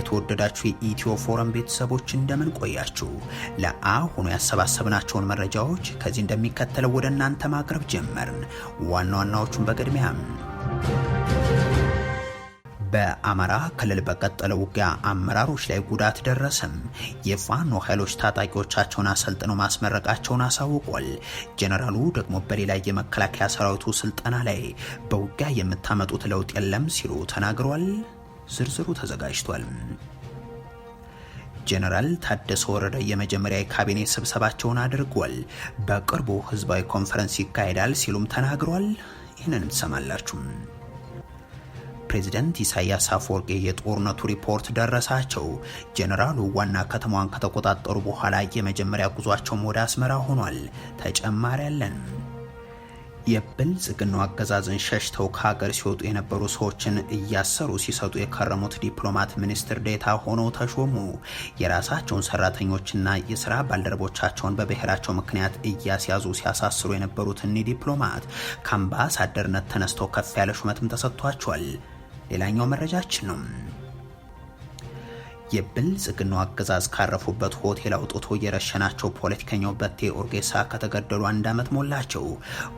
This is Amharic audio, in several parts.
የተወደዳችሁ የኢትዮ ፎረም ቤተሰቦች እንደምን ቆያችሁ? ለአሁኑ ያሰባሰብናቸውን መረጃዎች ከዚህ እንደሚከተለው ወደ እናንተ ማቅረብ ጀመርን። ዋና ዋናዎቹን በቅድሚያም በአማራ ክልል በቀጠለው ውጊያ አመራሮች ላይ ጉዳት ደረሰም። የፋኖ ኃይሎች ታጣቂዎቻቸውን አሰልጥነው ማስመረቃቸውን አሳውቋል። ጀነራሉ ደግሞ በሌላ የመከላከያ ሰራዊቱ ስልጠና ላይ በውጊያ የምታመጡት ለውጥ የለም ሲሉ ተናግሯል። ዝርዝሩ ተዘጋጅቷል። ጀነራል ታደሰ ወረደ የመጀመሪያ የካቢኔ ስብሰባቸውን አድርጓል። በቅርቡ ህዝባዊ ኮንፈረንስ ይካሄዳል ሲሉም ተናግሯል። ይህንንም ትሰማላችሁ። ፕሬዚደንት ኢሳያስ አፈወርቂ የጦርነቱ ሪፖርት ደረሳቸው። ጀነራሉ ዋና ከተማዋን ከተቆጣጠሩ በኋላ የመጀመሪያ ጉዟቸውም ወደ አስመራ ሆኗል። ተጨማሪ አለን። የብልጽግናው አገዛዝን ሸሽተው ከሀገር ሲወጡ የነበሩ ሰዎችን እያሰሩ ሲሰጡ የከረሙት ዲፕሎማት ሚኒስትር ዴታ ሆነው ተሾሙ። የራሳቸውን ሰራተኞችና የስራ ባልደረቦቻቸውን በብሔራቸው ምክንያት እያስያዙ ሲያሳስሩ የነበሩት እኒህ ዲፕሎማት ከአምባሳደርነት ተነስተው ከፍ ያለ ሹመትም ተሰጥቷቸዋል። ሌላኛው መረጃችን ነው። የብልጽግናው አገዛዝ ካረፉበት ሆቴል አውጥቶ የረሸናቸው ፖለቲከኛው በቴ ኦርጌሳ ከተገደሉ አንድ ዓመት ሞላቸው።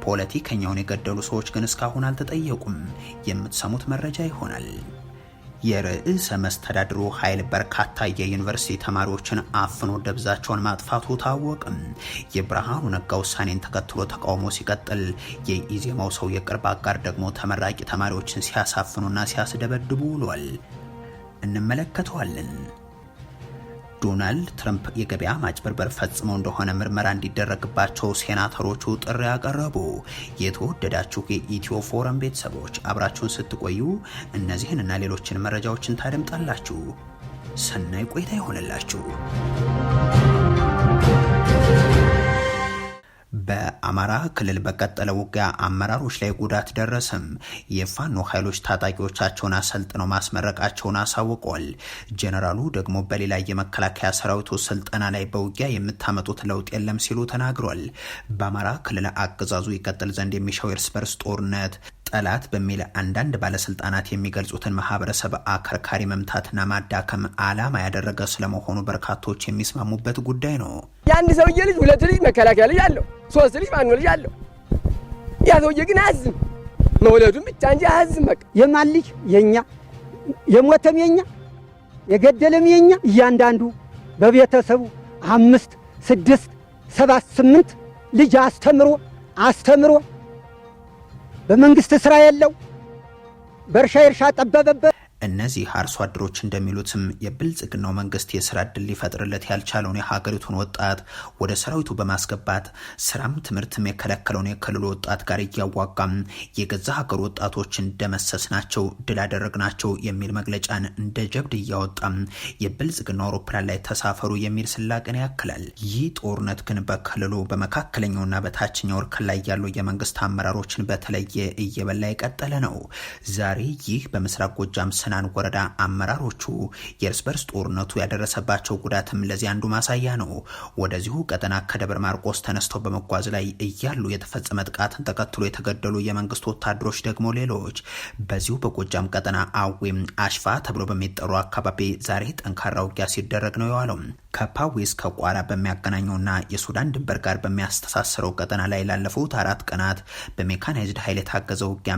ፖለቲከኛውን የገደሉ ሰዎች ግን እስካሁን አልተጠየቁም። የምትሰሙት መረጃ ይሆናል። የርዕሰ መስተዳድሩ ኃይል በርካታ የዩኒቨርሲቲ ተማሪዎችን አፍኖ ደብዛቸውን ማጥፋቱ ታወቅም። የብርሃኑ ነጋ ውሳኔን ተከትሎ ተቃውሞ ሲቀጥል፣ የኢዜማው ሰው የቅርብ አጋር ደግሞ ተመራቂ ተማሪዎችን ሲያሳፍኑና ሲያስደበድቡ ውሏል። እንመለከተዋለን። ዶናልድ ትራምፕ የገበያ ማጭበርበር ፈጽመው እንደሆነ ምርመራ እንዲደረግባቸው ሴናተሮቹ ጥሪ ያቀረቡ። የተወደዳችሁ የኢትዮ ፎረም ቤተሰቦች አብራችሁን ስትቆዩ እነዚህን እና ሌሎችን መረጃዎችን ታደምጣላችሁ። ሰናይ ቆይታ ይሆንላችሁ። በአማራ ክልል በቀጠለ ውጊያ አመራሮች ላይ ጉዳት ደረሰም። የፋኖ ኃይሎች ታጣቂዎቻቸውን አሰልጥነው ማስመረቃቸውን አሳውቋል። ጀነራሉ ደግሞ በሌላ የመከላከያ ሰራዊቱ ስልጠና ላይ በውጊያ የምታመጡት ለውጥ የለም ሲሉ ተናግሯል። በአማራ ክልል አገዛዙ ይቀጥል ዘንድ የሚሻው የእርስ በርስ ጦርነት ጠላት በሚል አንዳንድ ባለስልጣናት የሚገልጹትን ማህበረሰብ አከርካሪ መምታትና ማዳከም አላማ ያደረገ ስለመሆኑ በርካቶች የሚስማሙበት ጉዳይ ነው። የአንድ ሰውዬ ልጅ ሁለት ልጅ መከላከያ ልጅ አለው፣ ሶስት ልጅ ማኖ ልጅ አለው። ያ ሰውዬ ግን አያዝም፣ መውለዱን ብቻ እንጂ አያዝም። በቃ የማን ልጅ የኛ፣ የሞተም የኛ፣ የገደለም የኛ። እያንዳንዱ በቤተሰቡ አምስት ስድስት ሰባት ስምንት ልጅ አስተምሮ አስተምሮ በመንግስት ስራ የለው፣ በእርሻ እርሻ ጠበበበት። እነዚህ አርሶ አደሮች እንደሚሉትም የብልጽግናው መንግስት የስራ እድል ሊፈጥርለት ያልቻለውን የሀገሪቱን ወጣት ወደ ሰራዊቱ በማስገባት ስራም ትምህርትም የከለከለውን የክልሉ ወጣት ጋር እያዋጋም የገዛ ሀገር ወጣቶችን ደመሰስ ናቸው ድል አደረግ ናቸው የሚል መግለጫን እንደ ጀብድ እያወጣም የብልጽግና አውሮፕላን ላይ ተሳፈሩ የሚል ስላቅን ያክላል። ይህ ጦርነት ግን በክልሉ በመካከለኛውና በታችኛው እርከን ላይ ያሉ የመንግስት አመራሮችን በተለየ እየበላ የቀጠለ ነው። ዛሬ ይህ በምስራቅ ጎጃም የመተናን ወረዳ አመራሮቹ የእርስ በርስ ጦርነቱ ያደረሰባቸው ጉዳትም ለዚህ አንዱ ማሳያ ነው። ወደዚሁ ቀጠና ከደብረ ማርቆስ ተነስተው በመጓዝ ላይ እያሉ የተፈጸመ ጥቃትን ተከትሎ የተገደሉ የመንግስት ወታደሮች ደግሞ ሌሎች። በዚሁ በጎጃም ቀጠና አዌም አሽፋ ተብሎ በሚጠሩ አካባቢ ዛሬ ጠንካራ ውጊያ ሲደረግ ነው የዋለው። ከፓዌስ ከቋራ በሚያገናኘውና የሱዳን ድንበር ጋር በሚያስተሳስረው ቀጠና ላይ ላለፉት አራት ቀናት በሜካናይዝድ ኃይል የታገዘ ውጊያ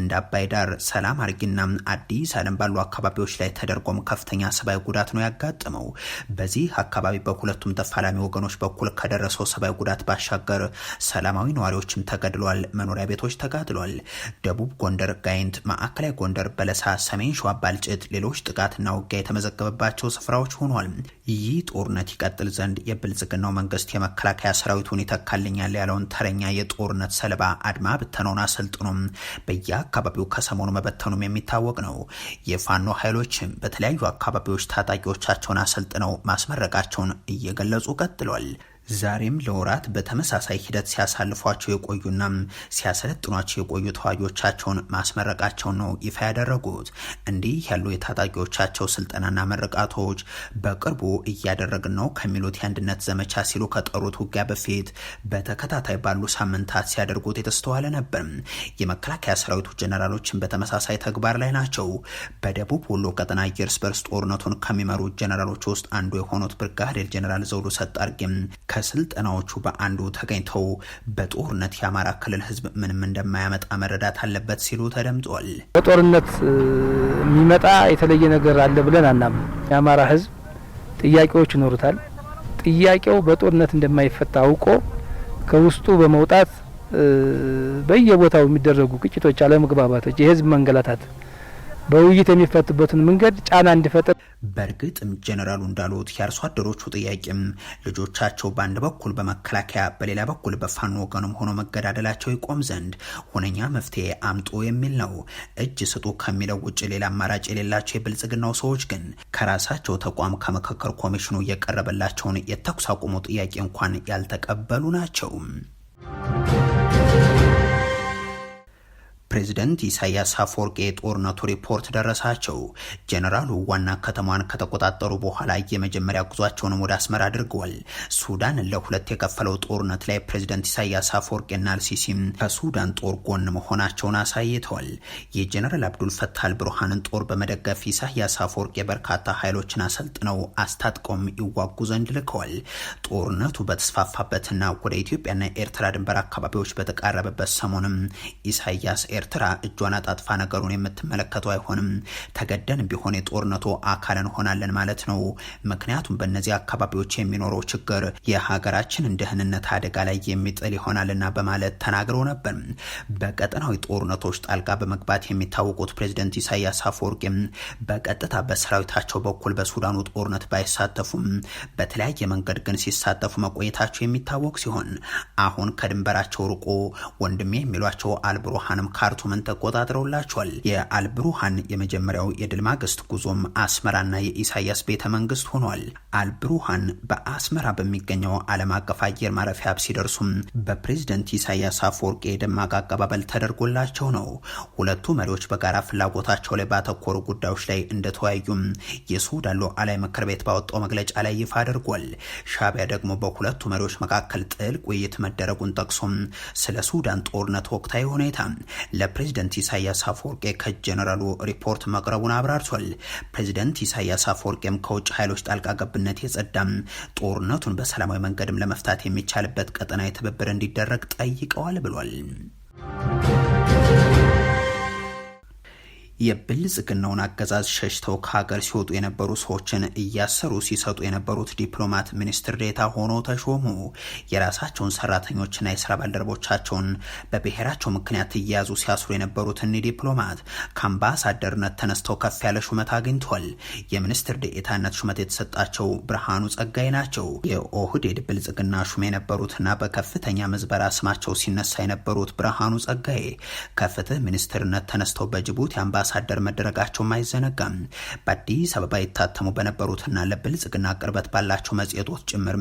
እንደ አባይ ዳር፣ ሰላም አርጊና አዲስ ዓለም ዓለም ባሉ አካባቢዎች ላይ ተደርጎም ከፍተኛ ሰብአዊ ጉዳት ነው ያጋጠመው። በዚህ አካባቢ በሁለቱም ተፋላሚ ወገኖች በኩል ከደረሰው ሰብአዊ ጉዳት ባሻገር ሰላማዊ ነዋሪዎችም ተገድሏል፣ መኖሪያ ቤቶች ተጋድሏል። ደቡብ ጎንደር ጋይንት፣ ማዕከላዊ ጎንደር በለሳ፣ ሰሜን ሸዋ ባልጭት፣ ሌሎች ጥቃትና ውጊያ የተመዘገበባቸው ስፍራዎች ሆኗል። ይህ ጦርነት ይቀጥል ዘንድ የብልጽግናው መንግስት የመከላከያ ሰራዊቱን ይተካልኛል ያለውን ተረኛ የጦርነት ሰለባ አድማ ብተናውን አሰልጥኖም በየአካባቢው ከሰሞኑ መበተኑም የሚታወቅ ነው። የፋኖ ኃይሎችም በተለያዩ አካባቢዎች ታጣቂዎቻቸውን አሰልጥነው ማስመረቃቸውን እየገለጹ ቀጥሏል። ዛሬም ለወራት በተመሳሳይ ሂደት ሲያሳልፏቸው የቆዩና ሲያሰለጥኗቸው የቆዩ ተዋጊዎቻቸውን ማስመረቃቸውን ነው ይፋ ያደረጉት። እንዲህ ያሉ የታጣቂዎቻቸው ስልጠናና መረቃቶች በቅርቡ እያደረግን ነው ከሚሉት የአንድነት ዘመቻ ሲሉ ከጠሩት ውጊያ በፊት በተከታታይ ባሉ ሳምንታት ሲያደርጉት የተስተዋለ ነበር። የመከላከያ ሰራዊቱ ጀነራሎችን በተመሳሳይ ተግባር ላይ ናቸው። በደቡብ ወሎ ቀጠና የእርስ በርስ ጦርነቱን ከሚመሩት ጀነራሎች ውስጥ አንዱ የሆኑት ብርጋዴር ጀነራል ዘውዱ ሰጥ አርጌም ከስልጠናዎቹ በአንዱ ተገኝተው በጦርነት የአማራ ክልል ህዝብ ምንም እንደማያመጣ መረዳት አለበት ሲሉ ተደምጧል። በጦርነት የሚመጣ የተለየ ነገር አለ ብለን አናም የአማራ ህዝብ ጥያቄዎች ይኖሩታል። ጥያቄው በጦርነት እንደማይፈታ አውቆ ከውስጡ በመውጣት በየቦታው የሚደረጉ ግጭቶች፣ አለመግባባቶች፣ የህዝብ መንገላታት በውይይት የሚፈቱበትን መንገድ ጫና እንዲፈጥር በእርግጥም ጀነራሉ እንዳሉት የአርሶ አደሮቹ ጥያቄም ልጆቻቸው በአንድ በኩል በመከላከያ በሌላ በኩል በፋኖ ወገኑም ሆኖ መገዳደላቸው ይቆም ዘንድ ሁነኛ መፍትሄ አምጦ የሚል ነው። እጅ ስጡ ከሚለው ውጭ ሌላ አማራጭ የሌላቸው የብልጽግናው ሰዎች ግን ከራሳቸው ተቋም ከምክክር ኮሚሽኑ የቀረበላቸውን የተኩስ አቁሞ ጥያቄ እንኳን ያልተቀበሉ ናቸው። ፕሬዚደንት ኢሳያስ አፈወርቄ የጦርነቱ ሪፖርት ደረሳቸው። ጀነራሉ ዋና ከተማዋን ከተቆጣጠሩ በኋላ የመጀመሪያ ጉዟቸውንም ወደ አስመራ አድርገዋል። ሱዳን ለሁለት የከፈለው ጦርነት ላይ ፕሬዚደንት ኢሳያስ አፈወርቄና አልሲሲም ከሱዳን ጦር ጎን መሆናቸውን አሳይተዋል። የጀነራል አብዱልፈታል ብርሃንን ጦር በመደገፍ ኢሳያስ አፈወርቄ በርካታ ኃይሎችን አሰልጥነው አስታጥቀውም ይዋጉ ዘንድ ልከዋል። ጦርነቱ በተስፋፋበትና ወደ ኢትዮጵያና ኤርትራ ድንበር አካባቢዎች በተቃረበበት ሰሞንም ኢሳያስ ኤርትራ እጇን አጣጥፋ ነገሩን የምትመለከተው አይሆንም። ተገደን ቢሆን የጦርነቱ አካል እንሆናለን ማለት ነው። ምክንያቱም በእነዚህ አካባቢዎች የሚኖረው ችግር የሀገራችንን ደህንነት አደጋ ላይ የሚጥል ይሆናልና በማለት ተናግረው ነበር። በቀጠናዊ ጦርነቶች ጣልቃ በመግባት የሚታወቁት ፕሬዚደንት ኢሳያስ አፈወርቂም በቀጥታ በሰራዊታቸው በኩል በሱዳኑ ጦርነት ባይሳተፉም በተለያየ መንገድ ግን ሲሳተፉ መቆየታቸው የሚታወቅ ሲሆን አሁን ከድንበራቸው ርቆ ወንድሜ የሚሏቸው አልቡርሃንም ካር ካርቱምን ተቆጣጥረውላቸዋል። የአልብሩሃን የመጀመሪያው የድል ማግስት ጉዞም አስመራና የኢሳያስ ቤተ መንግስት ሆኗል። አልብሩሃን በአስመራ በሚገኘው ዓለም አቀፍ አየር ማረፊያ ሲደርሱም በፕሬዝደንት ኢሳያስ አፈወርቂ የደማቅ አቀባበል ተደርጎላቸው ነው። ሁለቱ መሪዎች በጋራ ፍላጎታቸው ላይ ባተኮሩ ጉዳዮች ላይ እንደተወያዩም የሱዳን ሉዓላዊ ምክር ቤት ባወጣው መግለጫ ላይ ይፋ አድርጓል። ሻቢያ ደግሞ በሁለቱ መሪዎች መካከል ጥልቅ ውይይት መደረጉን ጠቅሶም ስለ ሱዳን ጦርነት ወቅታዊ ሁኔታ ለፕሬዚደንት ኢሳያስ አፈወርቄ ከጀነራሉ ሪፖርት መቅረቡን አብራርቷል። ፕሬዝደንት ኢሳያስ አፈወርቄም ከውጭ ኃይሎች ጣልቃ ገብነት የጸዳም ጦርነቱን በሰላማዊ መንገድም ለመፍታት የሚቻልበት ቀጠና የትብብር እንዲደረግ ጠይቀዋል ብሏል። የብልጽግናውን አገዛዝ ሸሽተው ከሀገር ሲወጡ የነበሩ ሰዎችን እያሰሩ ሲሰጡ የነበሩት ዲፕሎማት ሚኒስትር ዴታ ሆኖ ተሾሙ። የራሳቸውን ሰራተኞችና የስራ ባልደረቦቻቸውን በብሔራቸው ምክንያት እየያዙ ሲያስሩ የነበሩት ዲፕሎማት ከአምባሳደርነት ተነስተው ከፍ ያለ ሹመት አግኝቷል። የሚኒስትር ዴታነት ሹመት የተሰጣቸው ብርሃኑ ጸጋይ ናቸው። የኦህዴድ ብልጽግና ሹም የነበሩትና በከፍተኛ ምዝበራ ስማቸው ሲነሳ የነበሩት ብርሃኑ ጸጋይ ከፍትህ ሚኒስትርነት ተነስተው በጅቡቲ አምባሳ አምባሳደር መደረጋቸውም አይዘነጋም። በአዲስ አበባ የታተሙ በነበሩትና ለብልጽግና ቅርበት ባላቸው መጽሔቶች ጭምር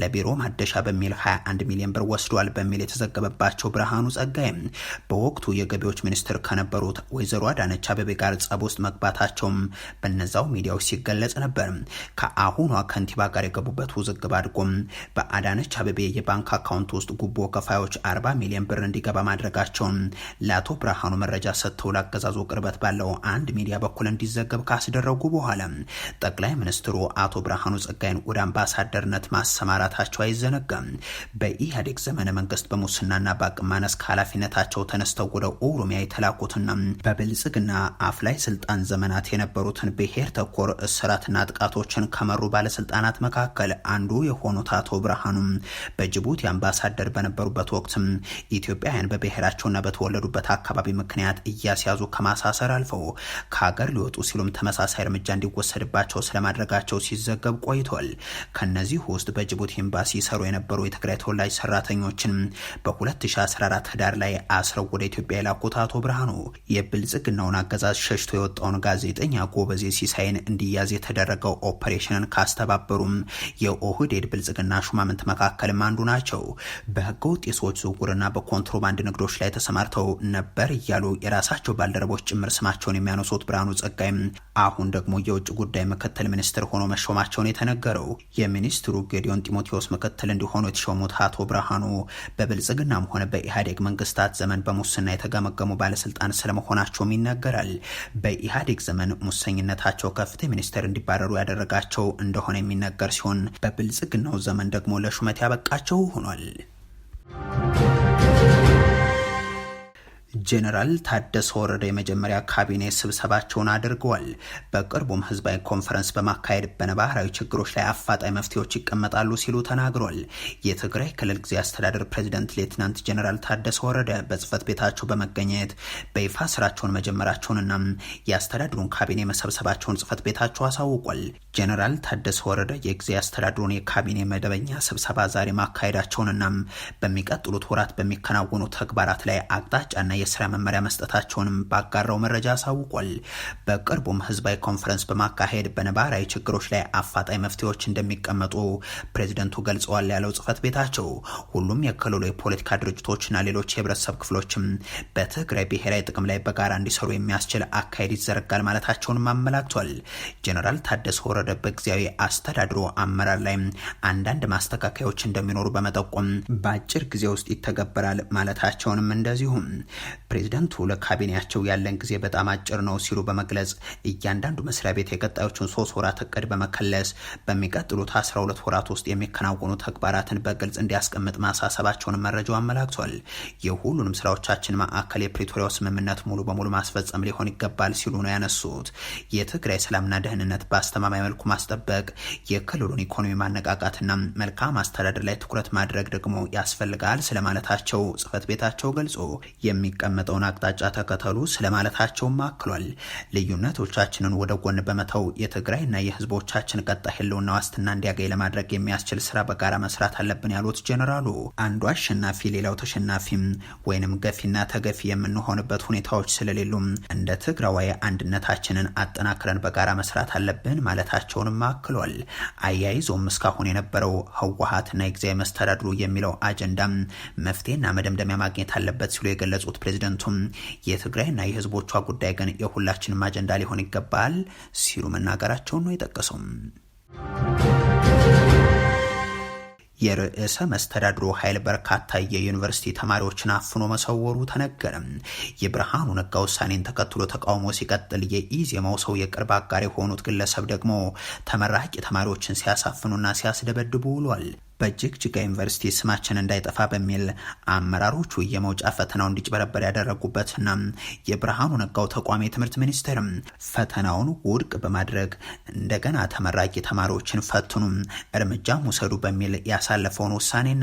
ለቢሮ ማደሻ በሚል 21 ሚሊዮን ብር ወስዷል በሚል የተዘገበባቸው ብርሃኑ ጸጋይ በወቅቱ የገቢዎች ሚኒስትር ከነበሩት ወይዘሮ አዳነች አበቤ ጋር ጸብ ውስጥ መግባታቸውም በነዛው ሚዲያዎች ሲገለጽ ነበር። ከአሁኗ ከንቲባ ጋር የገቡበት ውዝግብ አድጎም በአዳነች አበቤ የባንክ አካውንት ውስጥ ጉቦ ከፋዮች 40 ሚሊዮን ብር እንዲገባ ማድረጋቸውን ለአቶ ብርሃኑ መረጃ ሰጥተው ለአገዛዙ ቅርበት ባለው አንድ ሚዲያ በኩል እንዲዘገብ ካስደረጉ በኋላ ጠቅላይ ሚኒስትሩ አቶ ብርሃኑ ጸጋይን ወደ አምባሳደርነት ማሰማራታቸው አይዘነጋም። በኢህአዴግ ዘመነ መንግስት በሙስናና በአቅም ማነስ ከኃላፊነታቸው ተነስተው ወደ ኦሮሚያ የተላኩትና በብልጽግና አፍላይ ስልጣን ዘመናት የነበሩትን ብሔር ተኮር እስራትና ጥቃቶችን ከመሩ ባለስልጣናት መካከል አንዱ የሆኑት አቶ ብርሃኑ በጅቡቲ አምባሳደር በነበሩበት ወቅትም ኢትዮጵያውያን በብሔራቸውና በተወለዱበት አካባቢ ምክንያት እያስያዙ ከማሳሰር አልፈው ከሀገር ሊወጡ ሲሉም ተመሳሳይ እርምጃ እንዲወሰድባቸው ስለማድረጋቸው ሲዘገብ ቆይቷል። ከነዚህ ውስጥ በጅቡቲ ኤምባሲ ሰሩ የነበሩ የትግራይ ተወላጅ ሰራተኞችን በ2014 ህዳር ላይ አስረው ወደ ኢትዮጵያ የላኩት አቶ ብርሃኑ የብልጽግናውን አገዛዝ ሸሽቶ የወጣውን ጋዜጠኛ ጎበዜ ሲሳይን እንዲያዝ የተደረገው ኦፐሬሽንን ካስተባበሩም የኦህዴድ ብልጽግና ሹማምንት መካከልም አንዱ ናቸው። በህገ የሰዎች ዝውውርና በኮንትሮባንድ ንግዶች ላይ ተሰማርተው ነበር እያሉ የራሳቸው ባልደረቦች ጭምር ማቸውን የሚያነሱት ብርሃኑ ጸጋይም አሁን ደግሞ የውጭ ጉዳይ ምክትል ሚኒስትር ሆኖ መሾማቸውን የተነገረው የሚኒስትሩ ጌዲዮን ጢሞቴዎስ ምክትል እንዲሆኑ የተሾሙት አቶ ብርሃኑ በብልጽግናም ሆነ በኢህአዴግ መንግስታት ዘመን በሙስና የተገመገሙ ባለስልጣን ስለመሆናቸውም ይነገራል። በኢህአዴግ ዘመን ሙሰኝነታቸው ከፍትህ ሚኒስትር እንዲባረሩ ያደረጋቸው እንደሆነ የሚነገር ሲሆን በብልጽግናው ዘመን ደግሞ ለሹመት ያበቃቸው ሆኗል። ጄኔራል ታደሰ ወረደ የመጀመሪያ ካቢኔ ስብሰባቸውን አድርገዋል። በቅርቡም ህዝባዊ ኮንፈረንስ በማካሄድ በነባራዊ ችግሮች ላይ አፋጣኝ መፍትሄዎች ይቀመጣሉ ሲሉ ተናግሯል። የትግራይ ክልል ጊዜ አስተዳደር ፕሬዚደንት ሌትናንት ጄኔራል ታደሰ ወረደ በጽህፈት ቤታቸው በመገኘት በይፋ ስራቸውን መጀመራቸውንና የአስተዳድሩን ካቢኔ መሰብሰባቸውን ጽህፈት ቤታቸው አሳውቋል። ጄኔራል ታደሰ ወረደ የጊዜ አስተዳድሩን የካቢኔ መደበኛ ስብሰባ ዛሬ ማካሄዳቸውንና በሚቀጥሉት ወራት በሚከናወኑ ተግባራት ላይ አቅጣጫና የስራ መመሪያ መስጠታቸውንም ባጋራው መረጃ አሳውቋል። በቅርቡም ህዝባዊ ኮንፈረንስ በማካሄድ በነባራዊ ችግሮች ላይ አፋጣኝ መፍትሄዎች እንደሚቀመጡ ፕሬዚደንቱ ገልጸዋል ያለው ጽህፈት ቤታቸው ሁሉም የክልሉ የፖለቲካ ድርጅቶችና ሌሎች የህብረተሰብ ክፍሎችም በትግራይ ብሔራዊ ጥቅም ላይ በጋራ እንዲሰሩ የሚያስችል አካሄድ ይዘረጋል ማለታቸውንም አመላክቷል። ጀነራል ታደሰ ወረደ በጊዜያዊ አስተዳድሮ አመራር ላይ አንዳንድ ማስተካከያዎች እንደሚኖሩ በመጠቆም በአጭር ጊዜ ውስጥ ይተገበራል ማለታቸውንም እንደዚሁም ፕሬዚዳንቱ ለካቢኔያቸው ያለን ጊዜ በጣም አጭር ነው ሲሉ በመግለጽ እያንዳንዱ መስሪያ ቤት የቀጣዮቹን ሶስት ወራት እቅድ በመከለስ በሚቀጥሉት 12 ወራት ውስጥ የሚከናወኑ ተግባራትን በግልጽ እንዲያስቀምጥ ማሳሰባቸውን መረጃው አመላክቷል። የሁሉንም ስራዎቻችን ማዕከል የፕሪቶሪያው ስምምነት ሙሉ በሙሉ ማስፈጸም ሊሆን ይገባል ሲሉ ነው ያነሱት። የትግራይ ሰላምና ደህንነት በአስተማማኝ መልኩ ማስጠበቅ፣ የክልሉን ኢኮኖሚ ማነቃቃትና መልካም አስተዳደር ላይ ትኩረት ማድረግ ደግሞ ያስፈልጋል ስለማለታቸው ጽህፈት ቤታቸው ገልጾ የሚቀመጠውን አቅጣጫ ተከተሉ ስለማለታቸውም አክሏል። ልዩነቶቻችንን ወደ ጎን በመተው የትግራይና የህዝቦቻችን ቀጣይ ህልውና ዋስትና እንዲያገኝ ለማድረግ የሚያስችል ስራ በጋራ መስራት አለብን ያሉት ጀኔራሉ አንዱ አሸናፊ ሌላው ተሸናፊም ወይንም ገፊና ተገፊ የምንሆንበት ሁኔታዎች ስለሌሉም እንደ ትግራዋይ አንድነታችንን አጠናክረን በጋራ መስራት አለብን ማለታቸውንም አክሏል። አያይዞም እስካሁን የነበረው ህወሀትና የጊዜያዊ መስተዳድሩ የሚለው አጀንዳም መፍትሄና መደምደሚያ ማግኘት አለበት ሲሉ የገለጹት ፕሬዚደንቱም የትግራይና የህዝቦቿ ጉዳይ ግን የሁላችንም አጀንዳ ሊሆን ይገባል ሲሉ መናገራቸውን ነው የጠቀሰው። የርዕሰ መስተዳድሩ ኃይል በርካታ የዩኒቨርሲቲ ተማሪዎችን አፍኖ መሰወሩ ተነገረ። የብርሃኑ ነጋ ውሳኔን ተከትሎ ተቃውሞ ሲቀጥል የኢዜማው ሰው የቅርብ አጋር የሆኑት ግለሰብ ደግሞ ተመራቂ ተማሪዎችን ሲያሳፍኑና ሲያስደበድቡ ውሏል። በጅግጅጋ ዩኒቨርሲቲ ስማችን እንዳይጠፋ በሚል አመራሮቹ የመውጫ ፈተናው እንዲጭበረበር ያደረጉበትና የብርሃኑ ነጋው ተቋም የትምህርት ሚኒስቴርም ፈተናውን ውድቅ በማድረግ እንደገና ተመራቂ ተማሪዎችን ፈትኑ፣ እርምጃም ውሰዱ በሚል ያሳለፈውን ውሳኔና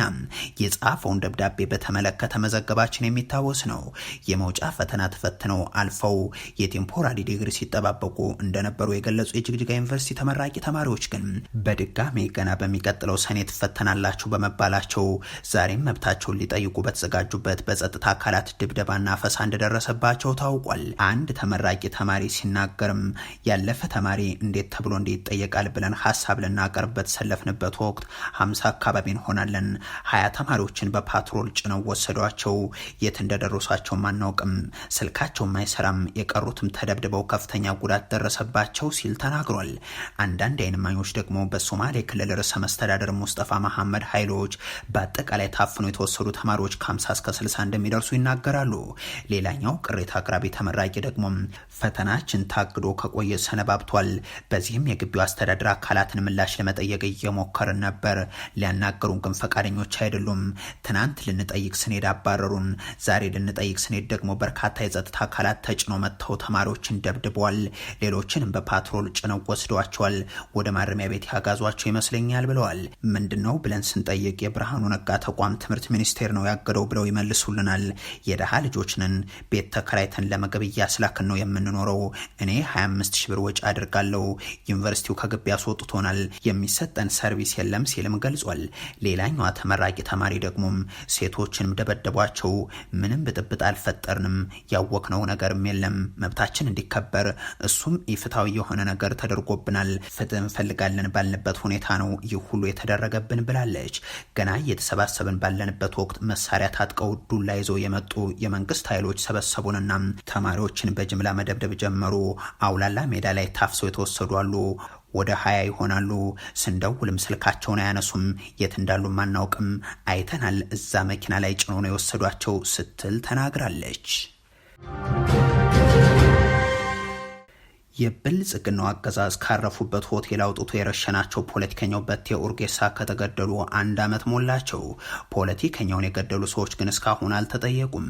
የጻፈውን ደብዳቤ በተመለከተ መዘገባችን የሚታወስ ነው። የመውጫ ፈተና ተፈትነው አልፈው የቴምፖራሪ ዲግሪ ሲጠባበቁ እንደነበሩ የገለጹ የጅግጅጋ ዩኒቨርሲቲ ተመራቂ ተማሪዎች ግን በድጋሜ ገና በሚቀጥለው ሰኔ ትበታተናላችሁ በመባላቸው ዛሬም መብታቸውን ሊጠይቁ በተዘጋጁበት በጸጥታ አካላት ድብደባና ፈሳ እንደደረሰባቸው ታውቋል። አንድ ተመራቂ ተማሪ ሲናገርም ያለፈ ተማሪ እንዴት ተብሎ እንዴት ይጠየቃል ብለን ሀሳብ ልናቀርብ በተሰለፍንበት ወቅት ሀምሳ አካባቢ እንሆናለን። ሀያ ተማሪዎችን በፓትሮል ጭነው ወሰዷቸው። የት እንደደረሷቸውም አናውቅም። ስልካቸውም አይሰራም። የቀሩትም ተደብድበው ከፍተኛ ጉዳት ደረሰባቸው ሲል ተናግሯል። አንዳንድ አይንማኞች ደግሞ በሶማሌ ክልል ርዕሰ መስተዳደር ሙስጠፋ መሐመድ ኃይሎች በአጠቃላይ ታፍነው የተወሰዱ ተማሪዎች ከ50 እስከ 60 እንደሚደርሱ ይናገራሉ። ሌላኛው ቅሬታ አቅራቢ ተመራቂ ደግሞ ፈተናችን ታግዶ ከቆየ ሰነባብቷል። በዚህም የግቢው አስተዳደር አካላትን ምላሽ ለመጠየቅ እየሞከርን ነበር። ሊያናገሩን ግን ፈቃደኞች አይደሉም። ትናንት ልንጠይቅ ስኔድ አባረሩን። ዛሬ ልንጠይቅ ስኔድ ደግሞ በርካታ የጸጥታ አካላት ተጭኖ መጥተው ተማሪዎችን ደብድበዋል። ሌሎችንም በፓትሮል ጭነው ወስደዋቸዋል። ወደ ማረሚያ ቤት ያጋዟቸው ይመስለኛል ብለዋል። ምንድነው ብለን ስንጠይቅ የብርሃኑ ነጋ ተቋም ትምህርት ሚኒስቴር ነው ያገደው ብለው ይመልሱልናል። የድሃ ልጆችንን ቤት ተከራይተን ለምግብ እያስላክን ነው የምንኖረው። እኔ 25 ሺህ ብር ወጪ አድርጋለሁ። ዩኒቨርሲቲው ከግቢ ያስወጥቶናል፣ የሚሰጠን ሰርቪስ የለም ሲልም ገልጿል። ሌላኛዋ ተመራቂ ተማሪ ደግሞም ሴቶችንም ደበደቧቸው፣ ምንም ብጥብጥ አልፈጠርንም፣ ያወቅነው ነገርም የለም፣ መብታችን እንዲከበር እሱም ኢፍትሐዊ የሆነ ነገር ተደርጎብናል፣ ፍትህ እንፈልጋለን ባልንበት ሁኔታ ነው ይህ ሁሉ የተደረገብን ብላለች። ገና እየተሰባሰብን ባለንበት ወቅት መሳሪያ ታጥቀው ዱላ ይዘው የመጡ የመንግስት ኃይሎች ሰበሰቡንና ተማሪዎችን በጅምላ መደብደብ ጀመሩ። አውላላ ሜዳ ላይ ታፍሰው የተወሰዱ አሉ። ወደ ሀያ ይሆናሉ። ስንደውልም ስልካቸውን አያነሱም። የት እንዳሉም አናውቅም። አይተናል፣ እዛ መኪና ላይ ጭኖ ነው የወሰዷቸው ስትል ተናግራለች። የብልጽግናው አገዛዝ ካረፉበት ሆቴል አውጥቶ የረሸናቸው ፖለቲከኛው በቴ ኡርጌሳ ከተገደሉ አንድ ዓመት ሞላቸው። ፖለቲከኛውን የገደሉ ሰዎች ግን እስካሁን አልተጠየቁም።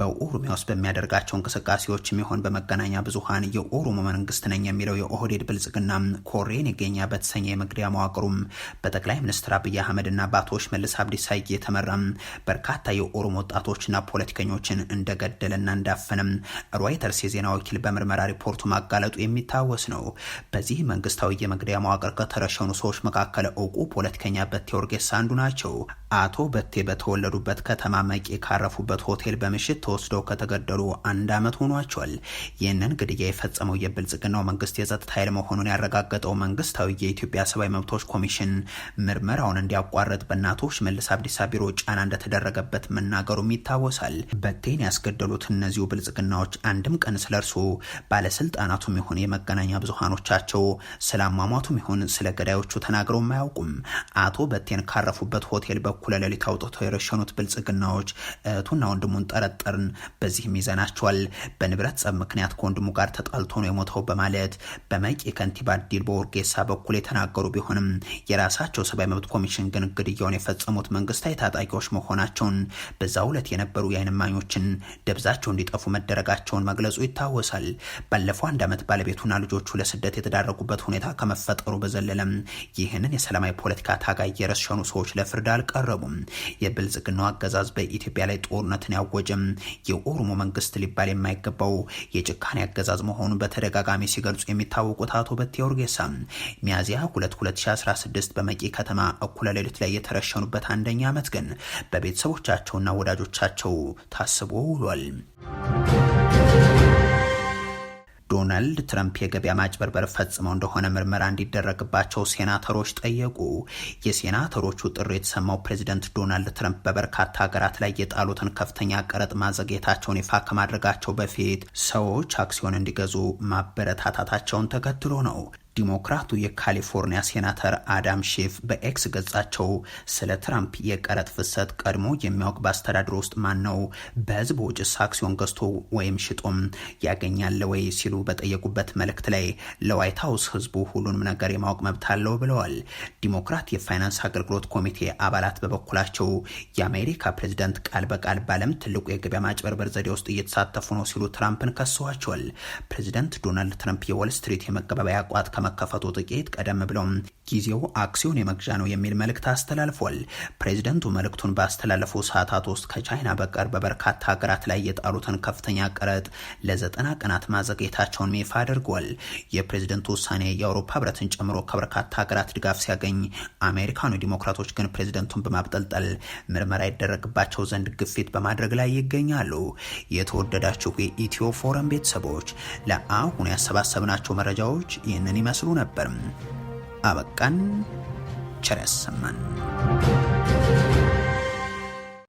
በኦሮሚያ ውስጥ በሚያደርጋቸው እንቅስቃሴዎችም ይሆን በመገናኛ ብዙሃን የኦሮሞ መንግስት ነኝ የሚለው የኦህዴድ ብልጽግና ኮሬን ይገኛ በተሰኘ የመግደያ መዋቅሩም በጠቅላይ ሚኒስትር አብይ አህመድና በአቶ ሽመልስ አብዲሳ የተመራ በርካታ የኦሮሞ ወጣቶችና ፖለቲከኞችን እንደገደለና እንዳፈነም ሮይተርስ የዜና ወኪል በምርመራ ሪፖርቱ ማጋለጡ የሚታወስ ነው። በዚህ መንግስታዊ የመግደያ መዋቅር ከተረሸኑ ሰዎች መካከል እውቁ ፖለቲከኛ በቴ ኦርጌሳ አንዱ ናቸው። አቶ በቴ በተወለዱበት ከተማ መቂ ካረፉበት ሆቴል በምሽት ተወስደው ከተገደሉ አንድ ዓመት ሆኗቸዋል። ይህንን ግድያ የፈጸመው የብልጽግናው መንግስት የጸጥታ ኃይል መሆኑን ያረጋገጠው መንግስታዊ የኢትዮጵያ ሰብአዊ መብቶች ኮሚሽን ምርመራውን እንዲያቋርጥ በእናቶች መልስ አብዲሳ ቢሮ ጫና እንደተደረገበት መናገሩም ይታወሳል። በቴን ያስገደሉት እነዚሁ ብልጽግናዎች አንድም ቀን ስለ እርሱ ባለስልጣናቱም አሁን የመገናኛ ብዙሃኖቻቸው ስለ አሟሟቱም ይሁን ስለ ገዳዮቹ ተናግረውም አያውቁም። አቶ በቴን ካረፉበት ሆቴል በኩል ለሌሊት አውጥተው የረሸኑት ብልጽግናዎች እህቱና ወንድሙን ጠረጠርን፣ በዚህም ይዘናቸዋል። በንብረት ጸብ ምክንያት ከወንድሙ ጋር ተጣልቶ ነው የሞተው በማለት በመቂ ከንቲባ በወርጌሳ በኩል የተናገሩ ቢሆንም የራሳቸው ሰብአዊ መብት ኮሚሽን ግን ግድያውን የፈጸሙት መንግስታዊ ታጣቂዎች መሆናቸውን በዛው ዕለት የነበሩ የአይንማኞችን ደብዛቸው እንዲጠፉ መደረጋቸውን መግለጹ ይታወሳል። ባለፈው አንድ ዓመት ባለ ባለቤቱና ልጆቹ ለስደት የተዳረጉበት ሁኔታ ከመፈጠሩ በዘለለም ይህንን የሰላማዊ ፖለቲካ ታጋይ የረሸኑ ሰዎች ለፍርድ አልቀረቡም። የብልጽግናው አገዛዝ በኢትዮጵያ ላይ ጦርነትን ያወጀም የኦሮሞ መንግስት ሊባል የማይገባው የጭካኔ አገዛዝ መሆኑን በተደጋጋሚ ሲገልጹ የሚታወቁት አቶ በቴ ኡርጌሳ 2 2016 በመቂ ከተማ እኩለ ሌሊት ላይ የተረሸኑበት አንደኛ ዓመት ግን በቤተሰቦቻቸውና ወዳጆቻቸው ታስቦ ውሏል። ዶናልድ ትረምፕ የገበያ ማጭበርበር ፈጽመው እንደሆነ ምርመራ እንዲደረግባቸው ሴናተሮች ጠየቁ። የሴናተሮቹ ጥሪ የተሰማው ፕሬዚደንት ዶናልድ ትረምፕ በበርካታ ሀገራት ላይ የጣሉትን ከፍተኛ ቀረጥ ማዘግየታቸውን ይፋ ከማድረጋቸው በፊት ሰዎች አክሲዮን እንዲገዙ ማበረታታታቸውን ተከትሎ ነው። ዲሞክራቱ የካሊፎርኒያ ሴናተር አዳም ሼፍ በኤክስ ገጻቸው ስለ ትራምፕ የቀረጥ ፍሰት ቀድሞ የሚያውቅ በአስተዳደር ውስጥ ማን ነው በህዝብ ውጭ አክሲዮን ገዝቶ ወይም ሽጦም ያገኛል ወይ ሲሉ በጠየቁበት መልእክት ላይ ለዋይት ሀውስ ህዝቡ ሁሉንም ነገር የማወቅ መብት አለው ብለዋል። ዲሞክራት የፋይናንስ አገልግሎት ኮሚቴ አባላት በበኩላቸው የአሜሪካ ፕሬዚደንት ቃል በቃል ባለም ትልቁ የገበያ ማጭበርበር ዘዴ ውስጥ እየተሳተፉ ነው ሲሉ ትራምፕን ከሰዋቸዋል። ፕሬዚደንት ዶናልድ ትራምፕ የወል ስትሪት የመገበያያ ቋት ከመከፈቱ ጥቂት ቀደም ብሎ ጊዜው አክሲዮን የመግዣ ነው የሚል መልእክት አስተላልፏል። ፕሬዚደንቱ መልእክቱን ባስተላለፉ ሰዓታት ውስጥ ከቻይና በቀር በበርካታ ሀገራት ላይ የጣሉትን ከፍተኛ ቀረጥ ለዘጠና ቀናት ማዘግየታቸውን ይፋ አድርጓል። የፕሬዚደንቱ ውሳኔ የአውሮፓ ህብረትን ጨምሮ ከበርካታ ሀገራት ድጋፍ ሲያገኝ፣ አሜሪካኑ ዲሞክራቶች ግን ፕሬዚደንቱን በማብጠልጠል ምርመራ ይደረግባቸው ዘንድ ግፊት በማድረግ ላይ ይገኛሉ። የተወደዳችሁ የኢትዮ ፎረም ቤተሰቦች ለአሁን ያሰባሰብናቸው መረጃዎች ይህንን ይመስሉ ነበር። አበቃን። ቸር ያሰማን።